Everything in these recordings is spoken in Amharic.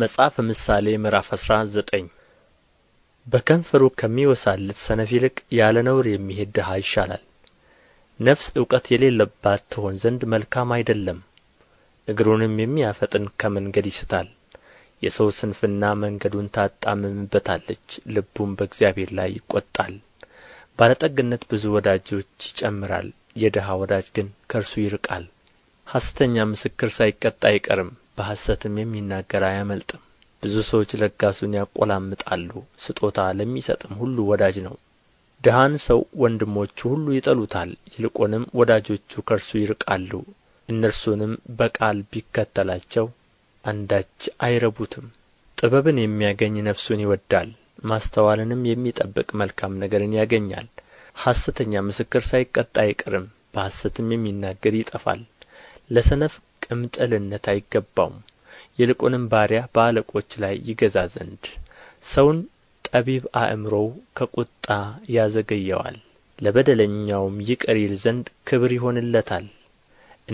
መጽሐፈ ምሳሌ ምዕራፍ አስራ ዘጠኝ በከንፈሩ ከሚወሳልት ሰነፍ ይልቅ ያለ ነውር የሚሄድ ድሃ ይሻላል። ነፍስ እውቀት የሌለባት ትሆን ዘንድ መልካም አይደለም፣ እግሩንም የሚያፈጥን ከመንገድ ይስታል። የሰው ስንፍና መንገዱን ታጣምምበታለች፣ ልቡም በእግዚአብሔር ላይ ይቈጣል። ባለጠግነት ብዙ ወዳጆች ይጨምራል፣ የድሃ ወዳጅ ግን ከእርሱ ይርቃል። ሐሰተኛ ምስክር ሳይቀጣ አይቀርም፣ በሐሰትም የሚናገር አያመልጥም ብዙ ሰዎች ለጋሱን ያቆላምጣሉ ስጦታ ለሚሰጥም ሁሉ ወዳጅ ነው ድሃን ሰው ወንድሞቹ ሁሉ ይጠሉታል ይልቁንም ወዳጆቹ ከእርሱ ይርቃሉ እነርሱንም በቃል ቢከተላቸው አንዳች አይረቡትም ጥበብን የሚያገኝ ነፍሱን ይወዳል ማስተዋልንም የሚጠብቅ መልካም ነገርን ያገኛል ሐሰተኛ ምስክር ሳይቀጣ አይቀርም በሐሰትም የሚናገር ይጠፋል ለሰነፍ ቅምጥልነት አይገባውም። ይልቁንም ባሪያ በአለቆች ላይ ይገዛ ዘንድ ሰውን ጠቢብ አእምሮው ከቁጣ ያዘገየዋል፣ ለበደለኛውም ይቅር ይል ዘንድ ክብር ይሆንለታል።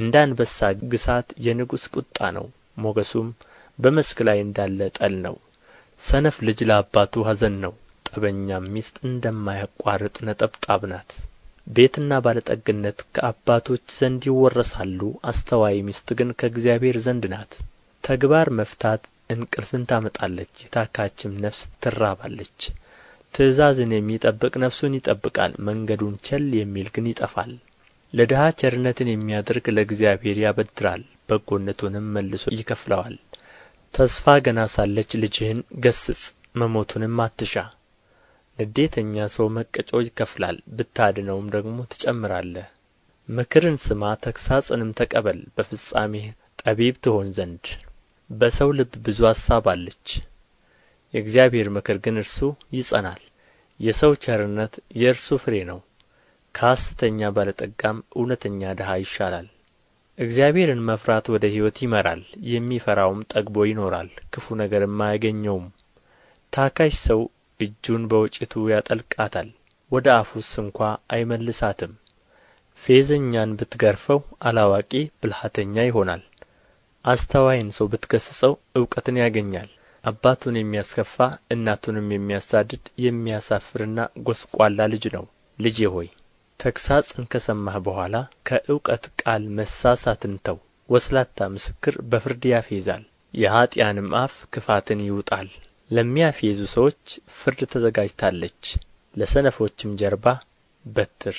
እንደ አንበሳ ግሳት የንጉሥ ቁጣ ነው፣ ሞገሱም በመስክ ላይ እንዳለ ጠል ነው። ሰነፍ ልጅ ለአባቱ ሐዘን ነው፣ ጠበኛም ሚስት እንደማያቋርጥ ነጠብጣብ ናት። ቤትና ባለጠግነት ከአባቶች ዘንድ ይወረሳሉ አስተዋይ ሚስት ግን ከእግዚአብሔር ዘንድ ናት ተግባር መፍታት እንቅልፍን ታመጣለች የታካችም ነፍስ ትራባለች ትእዛዝን የሚጠብቅ ነፍሱን ይጠብቃል መንገዱን ቸል የሚል ግን ይጠፋል ለድሃ ቸርነትን የሚያደርግ ለእግዚአብሔር ያበድራል በጎነቱንም መልሶ ይከፍለዋል ተስፋ ገና ሳለች ልጅህን ገስጽ መሞቱንም አትሻ ንዴተኛ ሰው መቀጮ ይከፍላል ብታድነውም ደግሞ ትጨምራለህ ምክርን ስማ ተግሣጽንም ተቀበል በፍጻሜህ ጠቢብ ትሆን ዘንድ በሰው ልብ ብዙ አሳብ አለች የእግዚአብሔር ምክር ግን እርሱ ይጸናል የሰው ቸርነት የእርሱ ፍሬ ነው ከሐሰተኛ ባለጠጋም እውነተኛ ድሀ ይሻላል እግዚአብሔርን መፍራት ወደ ሕይወት ይመራል የሚፈራውም ጠግቦ ይኖራል ክፉ ነገርም አያገኘውም ታካች ሰው እጁን በወጭቱ ያጠልቃታል ወደ አፉስ ስንኳ አይመልሳትም ፌዘኛን ብትገርፈው አላዋቂ ብልሃተኛ ይሆናል አስተዋይን ሰው ብትገሥጸው እውቀትን ያገኛል አባቱን የሚያስከፋ እናቱንም የሚያሳድድ የሚያሳፍርና ጐስቋላ ልጅ ነው ልጄ ሆይ ተግሣጽን ከሰማህ በኋላ ከእውቀት ቃል መሳሳትን ተው ወስላታ ምስክር በፍርድ ያፌዛል የኀጢአንም አፍ ክፋትን ይውጣል ለሚያፌዙ ሰዎች ፍርድ ተዘጋጅታለች ለሰነፎችም ጀርባ በትር